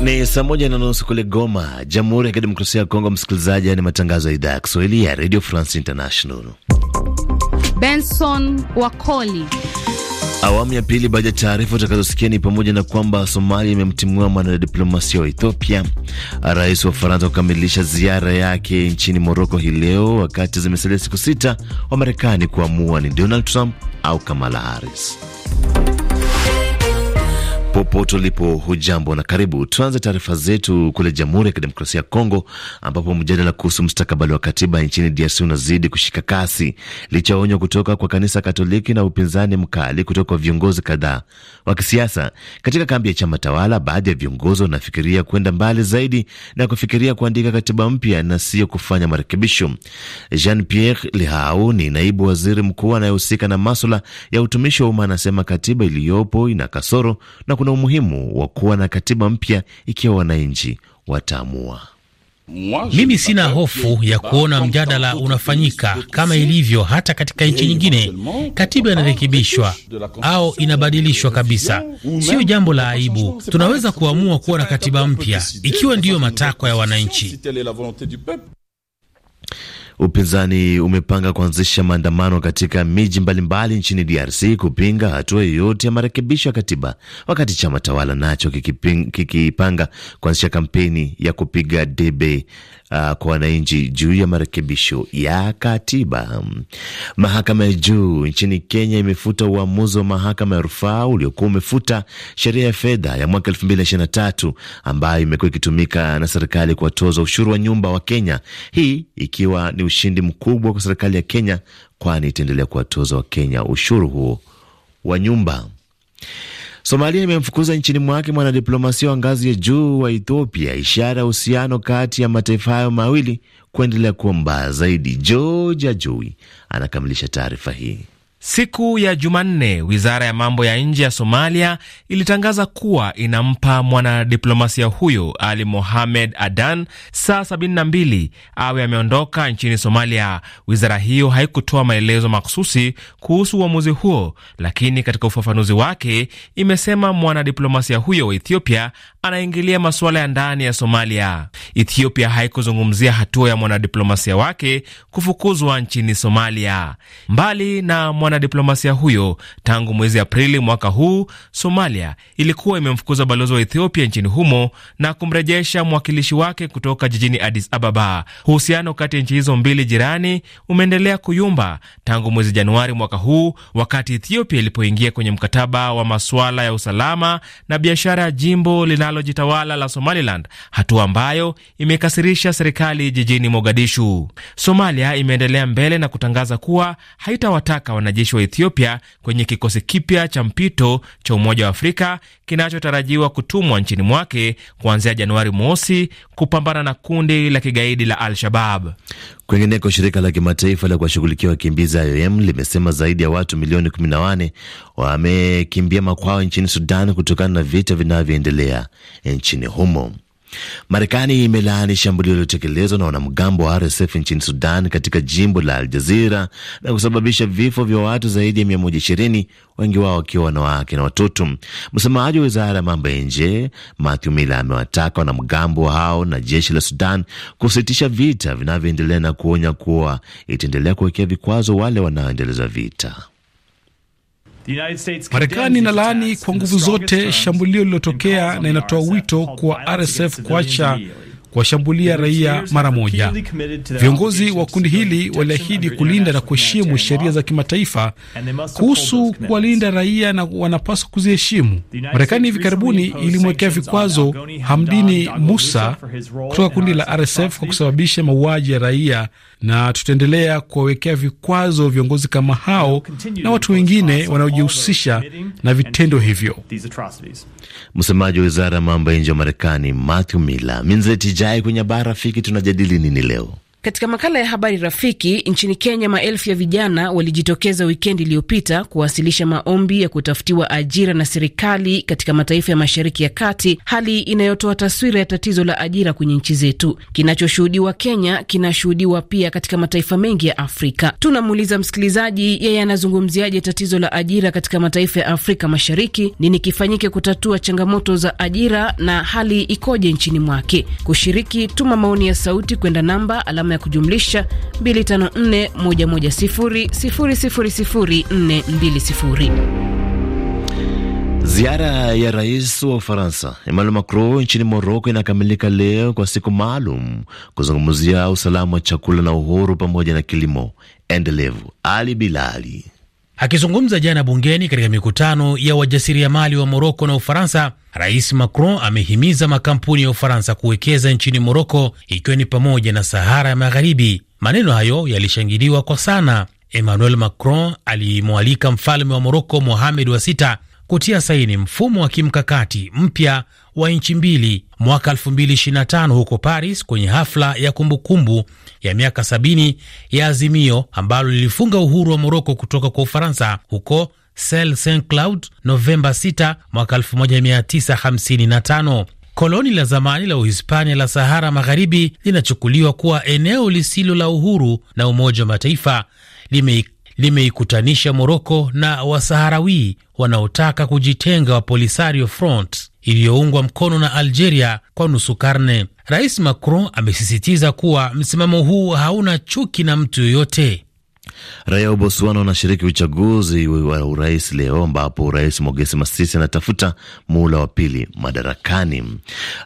Ni saa moja na nusu kule Goma, Jamhuri ya Kidemokrasia ya Kongo. Msikilizaji, ni matangazo ya idhaa ya Kiswahili ya Radio France International. Benson Wakoli. Awamu ya pili. Baada ya taarifa utakazosikia ni pamoja na kwamba Somalia imemtimua mwanadiplomasia wa Ethiopia, rais wa Ufaransa kukamilisha ziara yake nchini Moroko hii leo, wakati zimesalia siku sita wa Marekani kuamua ni Donald Trump au Kamala Harris. Popote ulipo hujambo na karibu. Tuanze taarifa zetu kule Jamhuri ya Kidemokrasia ya Kongo, ambapo mjadala kuhusu mustakabali wa katiba nchini DRC unazidi kushika kasi licha onyo kutoka kwa kanisa Katoliki na upinzani mkali kutoka kwa viongozi kadhaa wa kisiasa katika kambi ya chama tawala. Baadhi ya viongozi wanafikiria kwenda mbali zaidi na kufikiria kuandika katiba mpya na sio kufanya marekebisho. Jean Pierre Lihau ni naibu waziri mkuu anayehusika na maswala ya utumishi wa umma, anasema katiba iliyopo ina kasoro na kuna umuhimu wa kuwa na katiba mpya ikiwa wananchi wataamua. Mimi sina hofu ya kuona mjadala unafanyika kama ilivyo hata katika nchi nyingine. Katiba inarekebishwa au inabadilishwa kabisa, sio jambo la aibu. Tunaweza kuamua kuwa na katiba mpya ikiwa ndiyo matakwa ya wananchi. Upinzani umepanga kuanzisha maandamano katika miji mbalimbali nchini DRC kupinga hatua yoyote ya marekebisho ya katiba, wakati chama tawala nacho kikipanga kuanzisha kampeni ya kupiga debe uh, kwa wananchi juu ya marekebisho ya katiba. Mahakama ya juu nchini Kenya imefuta uamuzi wa mahakama ya rufaa uliokuwa umefuta sheria ya fedha ya mwaka tatu ambayo imekuwa ikitumika na serikali kuwatoza ushuru wa nyumba wa Kenya, hii ikiwa ni ushindi mkubwa kwa serikali ya Kenya, kwani itaendelea kuwatoza Wakenya ushuru huo wa nyumba. Somalia imemfukuza nchini mwake mwanadiplomasia wa ngazi ya juu wa Ethiopia, ishara ya uhusiano kati ya mataifa hayo mawili kuendelea kuwa mbaya zaidi. Georgia Jui anakamilisha taarifa hii. Siku ya Jumanne, wizara ya mambo ya nje ya Somalia ilitangaza kuwa inampa mwanadiplomasia huyo Ali Mohamed Adan saa 72 awe ameondoka nchini Somalia. Wizara hiyo haikutoa maelezo makhususi kuhusu uamuzi huo, lakini katika ufafanuzi wake imesema mwanadiplomasia huyo wa Ethiopia anaingilia masuala ya ndani ya Somalia. Ethiopia haikuzungumzia hatua ya mwanadiplomasia wake kufukuzwa nchini Somalia. Mbali na mwanadiplomasia huyo. Tangu mwezi Aprili mwaka huu, Somalia ilikuwa imemfukuza balozi wa Ethiopia nchini humo na kumrejesha mwakilishi wake kutoka jijini Addis Ababa. Uhusiano kati ya nchi hizo mbili jirani umeendelea kuyumba tangu mwezi Januari mwaka huu, wakati Ethiopia ilipoingia kwenye mkataba wa masuala ya usalama na biashara ya jimbo linalojitawala la Somaliland, hatua ambayo imekasirisha serikali jijini Mogadishu. Somalia imeendelea mbele na kutangaza kuwa haitawataka wanajeshi wanajeshi wa Ethiopia kwenye kikosi kipya cha mpito cha Umoja wa Afrika kinachotarajiwa kutumwa nchini mwake kuanzia Januari mosi kupambana na kundi la kigaidi la Al-Shabab. Kwingineko, shirika la kimataifa la kuwashughulikia wakimbizi IOM limesema zaidi ya watu milioni 18 wamekimbia makwao nchini Sudan kutokana na vita vinavyoendelea nchini humo. Marekani imelaani shambulio lililotekelezwa na wanamgambo wa RSF nchini Sudan katika jimbo la Aljazira na kusababisha vifo vya watu zaidi ya 120, wengi wao wakiwa wanawake na watoto. Msemaji wa wizara ya mambo ya nje Matthew Miller amewataka wanamgambo hao na jeshi la Sudan kusitisha vita vinavyoendelea na kuonya kuwa itaendelea kuwekea vikwazo wale wanaoendeleza vita. Marekani na laani kwa nguvu zote shambulio lililotokea na inatoa wito kwa RSF kuacha kuwashambulia raia mara moja. Viongozi wa kundi hili waliahidi kulinda na kuheshimu sheria za kimataifa kuhusu kuwalinda raia na wanapaswa kuziheshimu. Marekani hivi karibuni ilimwekea vikwazo Hamdini Musa kutoka kundi la RSF kwa kusababisha mauaji ya raia, na tutaendelea kuwawekea vikwazo viongozi kama hao na watu wengine wanaojihusisha na vitendo hivyo. Msemaji wa wizara ya mambo ya nje wa Marekani Matthew Miller ijaye kwenye bara Rafiki tunajadili nini leo? Katika makala ya habari rafiki, nchini Kenya, maelfu ya vijana walijitokeza wikendi iliyopita kuwasilisha maombi ya kutafutiwa ajira na serikali katika mataifa ya mashariki ya kati, hali inayotoa taswira ya tatizo la ajira kwenye nchi zetu. Kinachoshuhudiwa Kenya kinashuhudiwa pia katika mataifa mengi ya Afrika. Tunamuuliza msikilizaji, yeye anazungumziaje tatizo la ajira katika mataifa ya Afrika Mashariki? Nini kifanyike kutatua changamoto za ajira na hali ikoje nchini mwake? Kushiriki, tuma maoni ya sauti kwenda namba alama alama ya kujumlisha 254110000420. Ziara ya rais wa Ufaransa Emmanuel Macron nchini Moroko inakamilika leo kwa siku maalum kuzungumzia usalama wa chakula na uhuru pamoja na kilimo endelevu. Ali Bilali. Akizungumza jana bungeni katika mikutano ya wajasiriamali wa Moroko na Ufaransa, Rais Macron amehimiza makampuni ya Ufaransa kuwekeza nchini Moroko, ikiwa ni pamoja na Sahara ya Magharibi. Maneno hayo yalishangiliwa kwa sana. Emmanuel Macron alimwalika mfalme wa Moroko Mohamed wa sita kutia saini mfumo wa kimkakati mpya wa nchi mbili mwaka 2025 huko Paris kwenye hafla ya kumbukumbu ya miaka 70 ya azimio ambalo lilifunga uhuru wa Moroko kutoka kwa Ufaransa huko Sel Saint Cloud Novemba 6 mwaka 1955. Koloni la zamani la Uhispania la Sahara Magharibi linachukuliwa kuwa eneo lisilo la uhuru na Umoja wa Mataifa lime limeikutanisha Moroko na Wasaharawi wanaotaka kujitenga wa Polisario Front iliyoungwa mkono na Algeria kwa nusu karne. Rais Macron amesisitiza kuwa msimamo huu hauna chuki na mtu yoyote. Raia wa Botswana wanashiriki uchaguzi wa urais leo, ambapo rais Mogesi Masisi anatafuta muhula wa pili madarakani.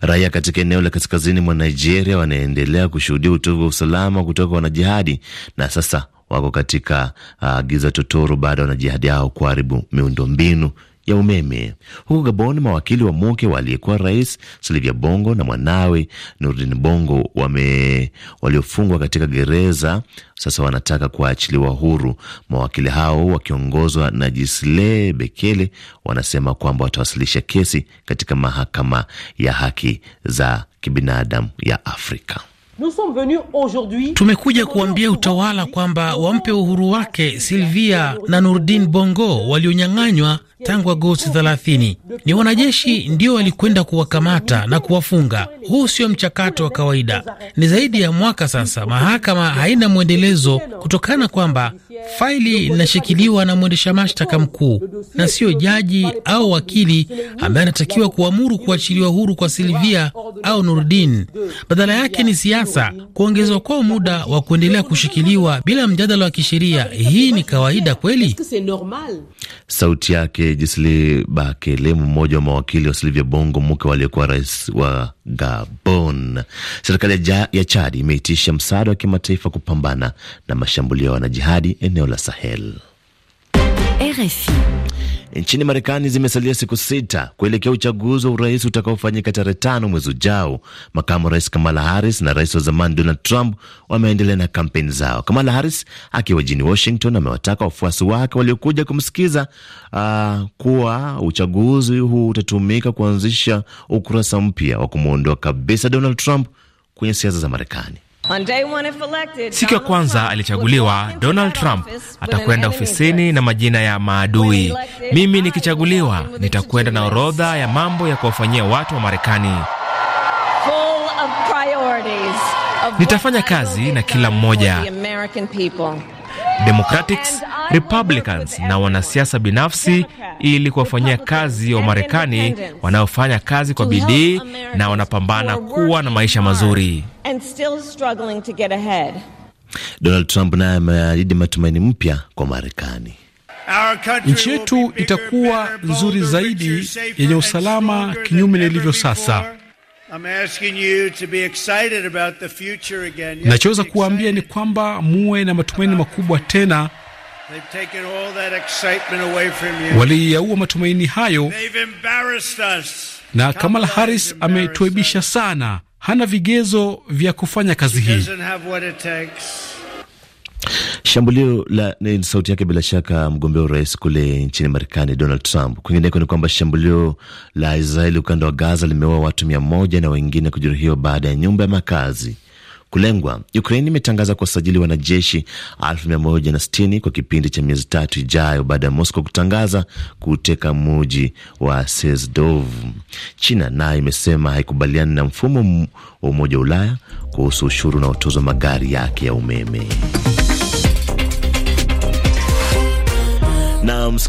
Raia katika eneo la kaskazini mwa Nigeria wanaendelea kushuhudia utovu wa usalama kutoka wanajihadi na sasa wako katika uh, ah, giza totoro baada ya wanajihadi hao kuharibu miundombinu ya umeme. Huko Gabon, mawakili wa mke wa aliyekuwa rais Silivia Bongo na mwanawe Nurdin Bongo wame waliofungwa katika gereza sasa wanataka kuachiliwa huru. Mawakili hao wakiongozwa na Jisle Bekele wanasema kwamba watawasilisha kesi katika mahakama ya haki za kibinadamu ya Afrika. Tumekuja kuambia utawala kwamba wampe uhuru wake Silvia na Nurdin Bongo walionyang'anywa tangu Agosti 30. Ni wanajeshi ndio walikwenda kuwakamata na kuwafunga. Huu sio mchakato wa kawaida, ni zaidi ya mwaka sasa. Mahakama haina mwendelezo kutokana kwamba Faili linashikiliwa na mwendesha mashtaka mkuu na siyo jaji au wakili ambaye anatakiwa kuamuru kuachiliwa huru kwa Silvia au Nurdin. Badala yake ni siasa, kuongezwa kwa muda wa kuendelea kushikiliwa bila mjadala wa kisheria. Hii ni kawaida kweli? Sauti yake Jisli bakelemu mmoja wa mawakili wa Silvia Bongo, mke aliyekuwa rais wa Gabon. Serikali ya Chad imeitisha msaada wa kimataifa kupambana na mashambulio ya wanajihadi eneo la Sahel. RFI. Nchini Marekani zimesalia siku sita kuelekea uchaguzi wa urais utakaofanyika tarehe tano mwezi ujao. Makamu rais Kamala Harris na rais wa zamani Donald Trump wameendelea na kampeni zao. Kamala Harris akiwa jini Washington amewataka wafuasi wake waliokuja kumsikiza uh, kuwa uchaguzi huu utatumika kuanzisha ukurasa mpya wa kumwondoa kabisa Donald Trump kwenye siasa za Marekani. Siku ya kwanza alichaguliwa, Donald Trump atakwenda ofisini na majina ya maadui. Mimi nikichaguliwa, nitakwenda na orodha ya mambo ya kuwafanyia watu wa Marekani. Nitafanya kazi na kila mmoja. Republicans na wanasiasa binafsi ili kuwafanyia kazi wa Marekani wanaofanya kazi kwa bidii na wanapambana kuwa na maisha mazuri. Donald Trump naye ameahidi matumaini mpya kwa Marekani. Nchi yetu itakuwa nzuri zaidi, yenye usalama, kinyume na ilivyo sasa. Nachoweza kuwaambia ni kwamba muwe na matumaini makubwa tena Waliyaua matumaini hayo, na Kamala Harris ametuaibisha sana, hana vigezo vya kufanya kazi hii. Shambulio la sauti yake bila shaka mgombea urais kule nchini Marekani Donald Trump. Kwingineko ni kwamba shambulio la Israeli ukanda wa Gaza limeua watu mia moja na wengine kujeruhiwa baada ya nyumba ya makazi kulengwa. ukrain imetangaza kuwasajili wanajeshi 160 kwa kipindi cha miezi tatu ijayo baada ya Moscow kutangaza kuteka muji wa Sezdov. China nayo imesema haikubaliani na mfumo wa Umoja wa Ulaya kuhusu ushuru unaotozwa magari yake ya umeme na